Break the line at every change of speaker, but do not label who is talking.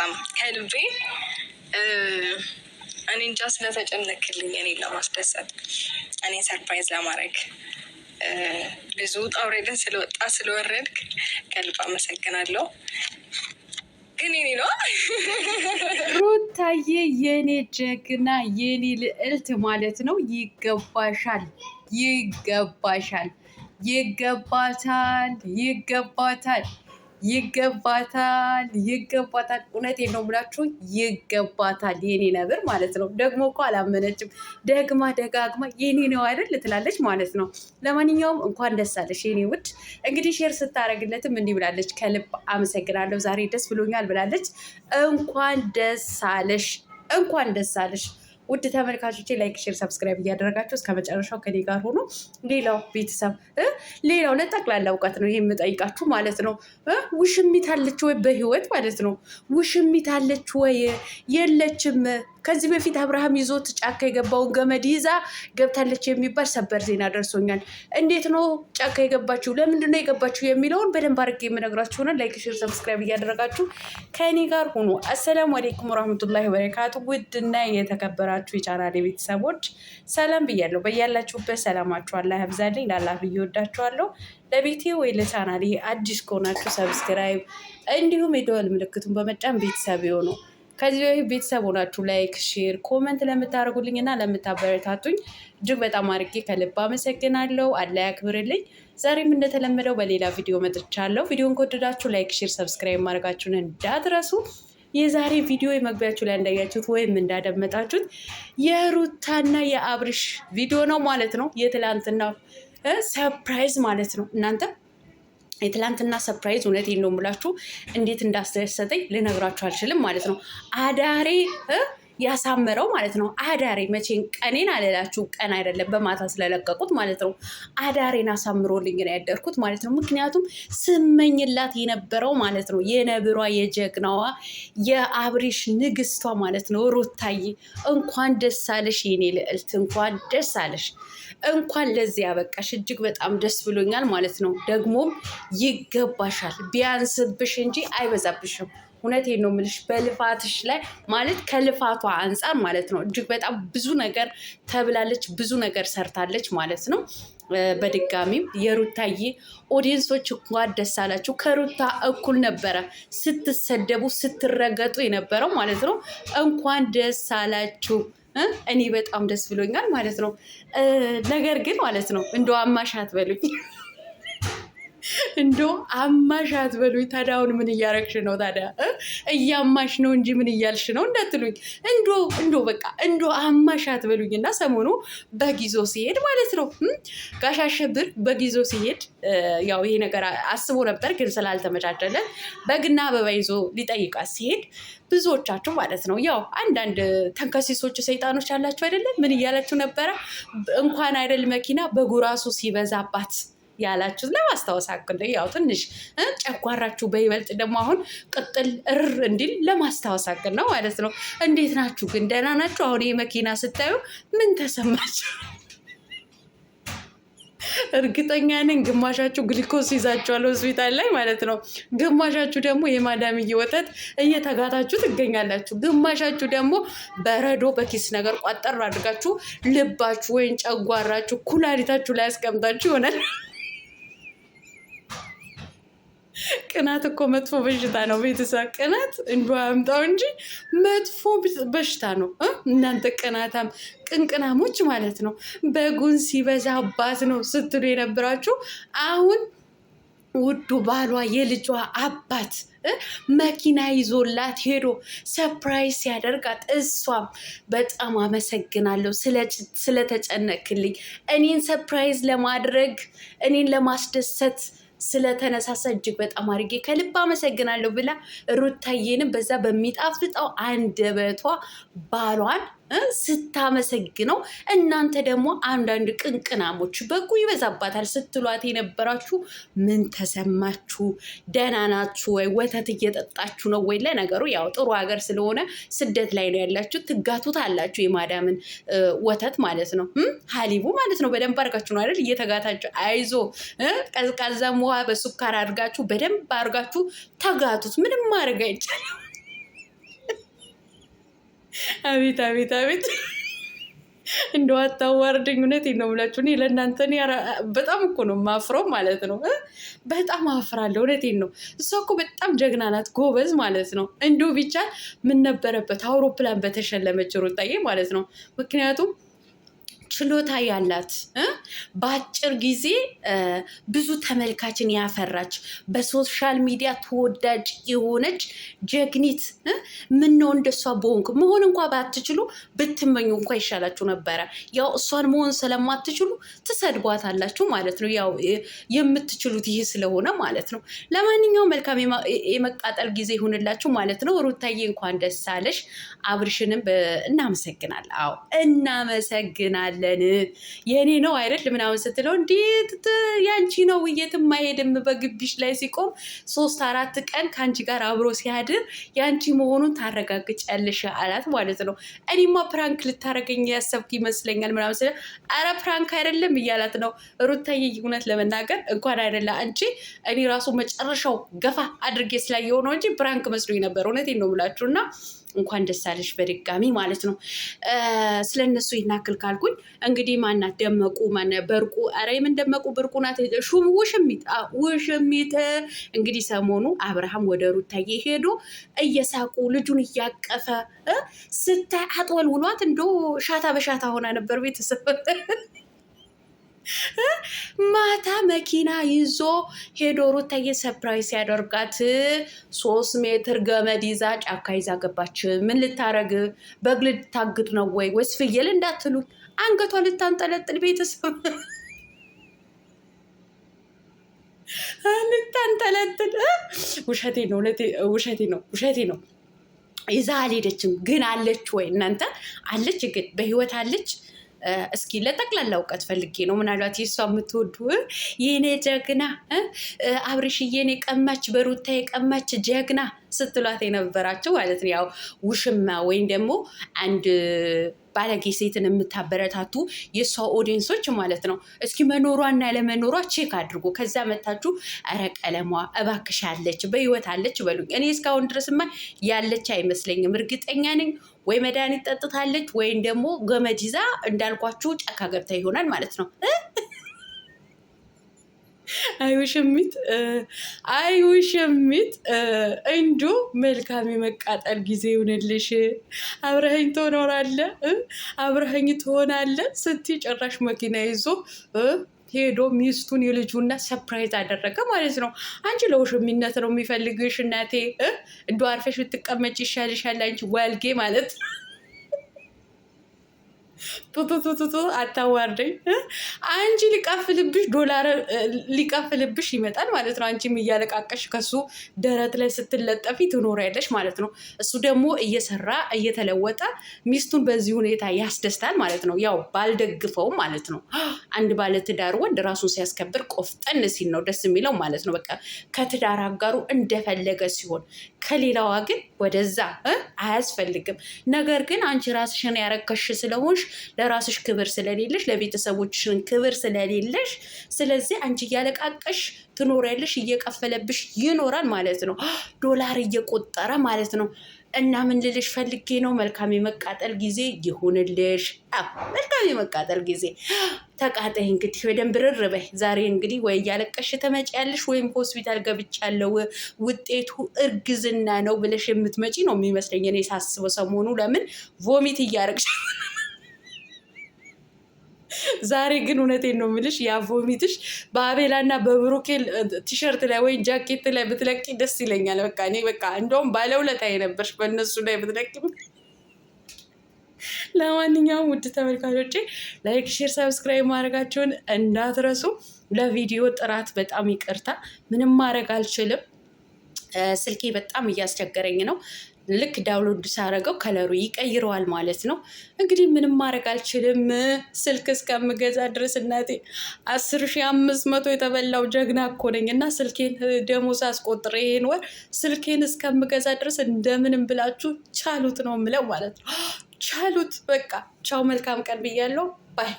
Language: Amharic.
በጣም ከልቤ እኔ እንጃ ስለተጨነክልኝ እኔ ለማስደሰት እኔ ሰርፕራይዝ ለማድረግ ብዙ ጣውሬደን ስለወጣ ስለወረድክ ከልብ አመሰግናለሁ። ግን ኔ
ሩታዬ፣ የኔ ጀግና፣ የኔ ልዕልት ማለት ነው። ይገባሻል፣ ይገባሻል፣ ይገባታል፣ ይገባታል። ይገባታል፣ ይገባታል። እውነቴን ነው የምላችሁ፣ ይገባታል። የኔ ነብር ማለት ነው። ደግሞ እኮ አላመነችም። ደግማ ደጋግማ የኔ ነው አይደል ትላለች ማለት ነው። ለማንኛውም እንኳን ደስ አለሽ የኔ ውድ። እንግዲህ ሼር ስታደርግለትም እንዲህ ብላለች፣ ከልብ አመሰግናለሁ፣ ዛሬ ደስ ብሎኛል ብላለች። እንኳን ደስ አለሽ፣ እንኳን ደስ አለሽ። ውድ ተመልካቾቼ ላይክ፣ ሼር፣ ሰብስክራይብ እያደረጋችሁ እስከ መጨረሻው ከኔ ጋር ሆኖ ሌላው ቤተሰብ ሌላው ለጠቅላላ እውቀት ነው ይሄ የምጠይቃችሁ ማለት ነው። ውሽሚት አለች ወይ በህይወት ማለት ነው? ውሽሚት አለች ወይ የለችም? ከዚህ በፊት አብርሃም ይዞት ጫካ የገባውን ገመድ ይዛ ገብታለች የሚባል ሰበር ዜና ደርሶኛል። እንዴት ነው ጫካ የገባችሁ ለምንድን ነው የሚለውን በደንብ አድርጌ የምነግራችሁ ሆነ። ላይክ፣ ሽር፣ ሰብስክራይብ እያደረጋችሁ ከእኔ ጋር ሆኖ አሰላሙ አሌይኩም ወራህመቱላሂ ወበረካቱ። ውድና የተከበራችሁ የቻናሌ ቤተሰቦች ሰላም ብያለሁ። በያላችሁበት ሰላማችሁ አላህ ያብዛልኝ። ላላህ ብዬ ወዳችኋለሁ። ለቤቴ ወይ ለቻናሌ አዲስ ከሆናችሁ ሰብስክራይብ እንዲሁም የደወል ምልክቱን በመጫን ቤተሰብ የሆነው ከዚህ በፊት ቤተሰብ ሆናችሁ ላይክ፣ ሼር፣ ኮመንት ለምታደርጉልኝ እና ለምታበረታቱኝ እጅግ በጣም አድርጌ ከልብ አመሰግናለሁ። አላይ አክብርልኝ። ዛሬም እንደተለመደው በሌላ ቪዲዮ መጥቻለሁ። ቪዲዮን ከወደዳችሁ ላይክ፣ ሼር፣ ሰብስክራይብ ማድረጋችሁን እንዳትረሱ። የዛሬ ቪዲዮ የመግቢያችሁ ላይ እንዳያችሁት ወይም እንዳደመጣችሁት የሩታና የአብርሽ ቪዲዮ ነው ማለት ነው። የትላንትና ሰርፕራይዝ ማለት ነው እናንተም የትላንትና ሰፕራይዝ እውነት ነው የምላችሁ እንዴት እንዳስደሰተኝ ልነግራችሁ አልችልም ማለት ነው። አዳሬ ያሳመረው ማለት ነው። አዳሬ መቼን ቀኔን አልላችሁ ቀን አይደለም በማታ ስለለቀቁት ማለት ነው። አዳሬን አሳምሮልኝ ነው ያደርኩት ማለት ነው። ምክንያቱም ስመኝላት የነበረው ማለት ነው የነብሯ የጀግናዋ የአብሪሽ ንግስቷ ማለት ነው ሩታዬ፣ እንኳን ደስ አለሽ የኔ ልዕልት፣ እንኳን ደስ አለሽ፣ እንኳን ለዚህ ያበቃሽ። እጅግ በጣም ደስ ብሎኛል ማለት ነው። ደግሞም ይገባሻል፣ ቢያንስብሽ እንጂ አይበዛብሽም። እውነቴን ነው የምልሽ በልፋትሽ ላይ ማለት ከልፋቷ አንጻር ማለት ነው እጅግ በጣም ብዙ ነገር ተብላለች፣ ብዙ ነገር ሰርታለች ማለት ነው። በድጋሚም የሩታዬ ኦዲየንሶች እንኳን ደስ አላችሁ። ከሩታ እኩል ነበረ ስትሰደቡ ስትረገጡ የነበረው ማለት ነው። እንኳን ደስ አላችሁ። እኔ በጣም ደስ ብሎኛል ማለት ነው። ነገር ግን ማለት ነው እንደ አማሻት በሉኝ እንደውም አማሽ አትበሉኝ። ታዲያ አሁን ምን እያረግሽ ነው? ታዲያ እያማሽ ነው እንጂ ምን እያልሽ ነው እንዳትሉኝ። እንዶ እንዶ በቃ እንዶ አማሽ አትበሉኝ። እና ሰሞኑ በጊዞ ሲሄድ ማለት ነው ጋሽ አሸብር በጊዞ ሲሄድ ያው ይሄ ነገር አስቦ ነበር፣ ግን ስላልተመቻቸለን በግና አበባ ይዞ ሊጠይቃት ሲሄድ ብዙዎቻችሁ ማለት ነው ያው አንዳንድ ተንከሲሶች ሰይጣኖች ያላቸው አይደለም ምን እያላችሁ ነበረ? እንኳን አይደል መኪና በጉራሱ ሲበዛባት ያላችሁት ለማስታወስ አክል ያው ትንሽ ጨጓራችሁ በይበልጥ ደግሞ አሁን ቅጥል እር እንዲል ለማስታወስ አክል ነው ማለት ነው። እንዴት ናችሁ ግን? ደህና ናችሁ? አሁን ይህ መኪና ስታዩ ምን ተሰማችሁ? እርግጠኛ ነኝ ግማሻችሁ ግሊኮስ ይዛችኋል ሆስፒታል ላይ ማለት ነው። ግማሻችሁ ደግሞ የማዳምዬ ወተት እየተጋታችሁ ትገኛላችሁ። ግማሻችሁ ደግሞ በረዶ በኪስ ነገር ቋጠር አድርጋችሁ ልባችሁ ወይም ጨጓራችሁ ኩላሊታችሁ ላይ ያስቀምጣችሁ ይሆናል። ቅናት እኮ መጥፎ በሽታ ነው። ቤተሰብ ቅናት እንዲሁ አምጣው እንጂ መጥፎ በሽታ ነው። እናንተ ቅናታም ቅንቅናሞች ማለት ነው። በጉን ሲበዛ አባት ነው ስትሉ የነበራችሁ አሁን ውዱ ባሏ የልጇ አባት መኪና ይዞላት ሄዶ ሰፕራይዝ ሲያደርጋት እሷም በጣም አመሰግናለሁ ስለተጨነክልኝ፣ እኔን ሰፕራይዝ ለማድረግ እኔን ለማስደሰት ስለተነሳሳ እጅግ በጣም አድርጌ ከልብ አመሰግናለሁ ብላ ሩታዬንም በዛ በሚጣፍጠው አንደበቷ ባሏን ስታመሰግነው እናንተ ደግሞ አንዳንድ ቅንቅናሞች በጉ ይበዛባታል ስትሏት የነበራችሁ ምን ተሰማችሁ? ደህና ናችሁ ወይ? ወተት እየጠጣችሁ ነው ወይ? ለነገሩ ያው ጥሩ ሀገር ስለሆነ ስደት ላይ ነው ያላችሁ፣ ትጋቱት አላችሁ። የማዳምን ወተት ማለት ነው፣ ሀሊቡ ማለት ነው። በደንብ አድርጋችሁ ነው አይደል? እየተጋታችሁ አይዞ፣ ቀዝቃዛም ውሃ በሱካር አድርጋችሁ በደንብ አድርጋችሁ ተጋቱት። ምንም ማድረግ አይቻልም። አቤት አቤት አቤት እንደው አታዋርደኝ። እውነቴን ነው የምላችሁ። እኔ ለእናንተ በጣም እኮ ነው ማፍረው ማለት ነው። በጣም አፍራለሁ። እውነቴን ነው። እሷ እኮ በጣም ጀግና ናት፣ ጎበዝ ማለት ነው። እንዲሁ ቢቻል ምን ነበረበት አውሮፕላን በተሸለመች ሩታዬ ማለት ነው። ምክንያቱም ችሎታ ያላት በአጭር ጊዜ ብዙ ተመልካችን ያፈራች በሶሻል ሚዲያ ተወዳጅ የሆነች ጀግኒት ምነው እንደሷ በሆንክ መሆን እንኳ ባትችሉ ብትመኙ እንኳ ይሻላችሁ ነበረ። ያው እሷን መሆን ስለማትችሉ ትሰድቧታላችሁ ማለት ነው። ያው የምትችሉት ይህ ስለሆነ ማለት ነው። ለማንኛውም መልካም የመቃጠል ጊዜ ይሁንላችሁ ማለት ነው። ሩታዬ እንኳን ደስ አለሽ። አብርሽንም እናመሰግናል። አዎ እናመሰግናል። እንሄዳለን የእኔ ነው አይደል ምናምን ስትለው እንዴት ያንቺ ነው የትም አይሄድም በግቢሽ ላይ ሲቆም ሶስት አራት ቀን ከአንቺ ጋር አብሮ ሲያድር ያንቺ መሆኑን ታረጋግጫለሽ አላት ማለት ነው። እኔማ ፕራንክ ልታረገኝ ያሰብክ ይመስለኛል ምናምን ስለ አረ ፕራንክ አይደለም እያላት ነው ሩታዬ። እውነት ለመናገር እንኳን አይደለ አንቺ እኔ ራሱ መጨረሻው ገፋ አድርጌ ስላየሆነው እንጂ ፕራንክ መስሎኝ ነበር። እውነቴን ነው የምላችሁ እና እንኳን ደስ አለሽ በድጋሚ ማለት ነው። ስለ እነሱ ይናክል ካልኩኝ እንግዲህ ማናት ደመቁ ማነ በርቁ ኧረ ምን ደመቁ ብርቁ ናት ሹም ውሽሚት ውሽሚት እንግዲህ ሰሞኑ አብርሃም ወደ ሩታዬ ሄዶ እየሳቁ ልጁን እያቀፈ ስታይ አጥወል ውሏት እንዶ ሻታ በሻታ ሆና ነበር ቤተሰብ ማታ መኪና ይዞ ሄዶ ሩታዬ ሰፕራይዝ ያደርጋት ሶስት ሜትር ገመድ ይዛ ጫካ ይዛ ገባች። ምን ልታረግ በግ ልታግድ ነው ወይ ወይስ ፍየል እንዳትሉ አንገቷ ልታንጠለጥል ቤተሰብ ልታንጠለጥል። ውሸቴ ነው ውሸቴ ነው ውሸቴ ነው። ይዛ አልሄደችም ግን አለች ወይ እናንተ? አለች ግን በህይወት አለች። እስኪ ለጠቅላላ እውቀት ፈልጌ ነው። ምናልባት የእሷ የምትወዱ የኔ ጀግና አብርሽዬን የቀማች በሩታ የቀማች ጀግና ስትሏት የነበራቸው ማለት ነው። ያው ውሽማ ወይም ደግሞ አንድ ባለጌ ሴትን የምታበረታቱ የእሷ ኦዲየንሶች ማለት ነው። እስኪ መኖሯ ለመኖሯ ቼክ አድርጎ ከዛ መታችሁ ኧረ ቀለሟ እባክሽ አለች በህይወት አለች በሉኝ። እኔ እስካሁን ድረስማ ያለች አይመስለኝም። እርግጠኛ ነኝ ወይ መድኃኒት ጠጥታለች ወይም ደግሞ ገመድ ይዛ እንዳልኳችሁ ጫካ ገብታ ይሆናል ማለት ነው። አይውሽሚት አይውሽሚት እንዶ መልካም የመቃጠል ጊዜ ይሁንልሽ። አብረኸኝ ትኖራለህ፣ አብረኸኝ ትሆናለህ ስቲ ጭራሽ መኪና ይዞ ሄዶ ሚስቱን የልጁና ሰፕራይዝ አደረገ ማለት ነው። አንቺ ለውሽሚነት ነው የሚፈልግሽ እናቴ፣ እንዶ አርፈሽ ብትቀመጭ ይሻልሻል አንቺ ወልጌ ማለት ቱቱቱቱቱ አታዋርደኝ። አንቺ ሊቀፍልብሽ ዶላር ሊቀፍልብሽ ይመጣል ማለት ነው። አንቺም እያለቃቀሽ ከሱ ደረት ላይ ስትለጠፊ ትኖሪያለሽ ማለት ነው። እሱ ደግሞ እየሰራ እየተለወጠ ሚስቱን በዚህ ሁኔታ ያስደስታል ማለት ነው። ያው ባልደግፈውም ማለት ነው። አንድ ባለትዳር ወንድ ራሱን ሲያስከብር ቆፍጠን ሲል ነው ደስ የሚለው ማለት ነው። በቃ ከትዳር አጋሩ እንደፈለገ ሲሆን፣ ከሌላዋ ግን ወደዛ አያስፈልግም። ነገር ግን አንቺ ራስሽን ያረከሽ ስለሆንሽ ለራስሽ ክብር ስለሌለሽ፣ ለቤተሰቦችሽን ክብር ስለሌለሽ፣ ስለዚህ አንቺ እያለቃቀሽ ትኖሪያለሽ። እየቀፈለብሽ ይኖራል ማለት ነው። ዶላር እየቆጠረ ማለት ነው። እና ምን ልልሽ ፈልጌ ነው መልካም የመቃጠል ጊዜ ይሁንልሽ። መልካም የመቃጠል ጊዜ ተቃጠይ እንግዲህ በደንብ ርርበይ። ዛሬ እንግዲህ ወይ እያለቀሽ ተመጪያለሽ ወይም ሆስፒታል ገብቻለሁ ውጤቱ እርግዝና ነው ብለሽ የምትመጪ ነው የሚመስለኝ እኔ ሳስበው ሰሞኑ ለምን ቮሚት እያረግሽ ዛሬ ግን እውነቴን ነው የምልሽ፣ ያ ቮሚትሽ በአቤላ እና በብሩኬ ቲሸርት ላይ ወይም ጃኬት ላይ ብትለቂ ደስ ይለኛል። በቃ እኔ በቃ እንደውም ባለውለታ የነበርሽ በእነሱ ላይ ብትለቂም ለማንኛውም ውድ ተመልካቾቼ ላይክ፣ ሼር፣ ሰብስክራይብ ማድረጋቸውን እንዳትረሱ። ለቪዲዮ ጥራት በጣም ይቅርታ፣ ምንም ማድረግ አልችልም። ስልኬ በጣም እያስቸገረኝ ነው። ልክ ዳውንሎድ ሳረገው ከለሩ ይቀይረዋል ማለት ነው። እንግዲህ ምንም ማድረግ አልችልም። ስልክ እስከምገዛ ድረስ እናቴ አስር ሺ አምስት መቶ የተበላው ጀግና እኮ ነኝ እና ስልኬን ደሞዝ አስቆጥሬ ይሄን ወር ስልኬን እስከምገዛ ድረስ እንደምንም ብላችሁ ቻሉት ነው የምለው ማለት ነው። ቻሉት በቃ ቻው። መልካም ቀን ብያለው ባይ